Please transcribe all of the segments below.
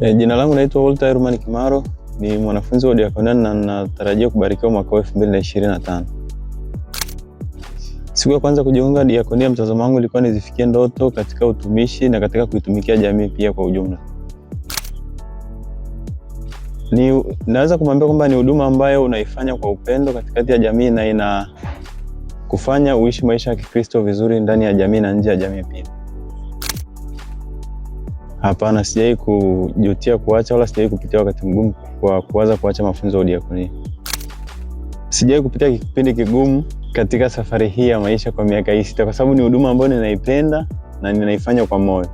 E, jina langu naitwa Walter Herman Kimaro, ni mwanafunzi wa Diakonani na natarajia kubarikiwa mwaka wa 2025. Siku ya kwanza kujiunga Diakonia, mtazamo wangu ulikuwa nizifikie ndoto katika utumishi na katika kuitumikia jamii pia kwa ujumla. Ni naweza kumwambia kwamba ni huduma ambayo unaifanya kwa upendo katikati ya jamii na ina kufanya uishi maisha ya Kikristo vizuri ndani ya jamii na nje ya jamii pia. Hapana, sijai kujutia kuacha wala sijai kupitia wakati mgumu kwa kuwaza kuacha mafunzo ya udiakonia. Sijai kupitia kipindi kigumu katika safari hii ya maisha kwa miaka hii sita, kwa sababu ni huduma ambayo ninaipenda na ninaifanya kwa moyo.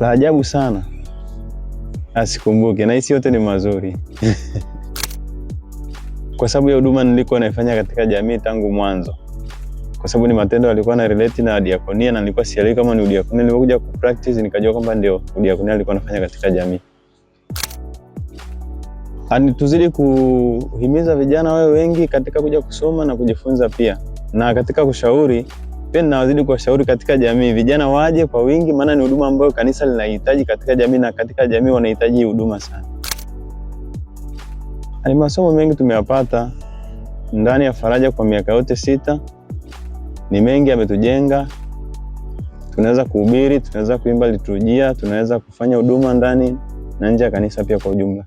La ajabu sana asikumbuke, na hisi yote ni mazuri kwa sababu ya huduma nilikuwa naifanya katika jamii tangu mwanzo kwa sababu ni matendo alikuwa na relate na diakonia na nilikuwa sielewi kama ni udiakonia. Nilipokuja ku practice nikajua kwamba ndio udiakonia alikuwa anafanya katika jamii. Ani tuzidi kuhimiza vijana wawe wengi katika kuja kusoma na kujifunza pia, na katika kushauri pia ninawazidi kuwashauri katika jamii, vijana waje kwa wingi, maana ni huduma ambayo kanisa linahitaji katika jamii, na katika jamii wanahitaji huduma sana. Ani masomo mengi tumeyapata ndani ya Faraja kwa miaka yote sita ni mengi ametujenga. Tunaweza kuhubiri, tunaweza kuimba liturujia, tunaweza kufanya huduma ndani na nje ya kanisa pia kwa ujumla.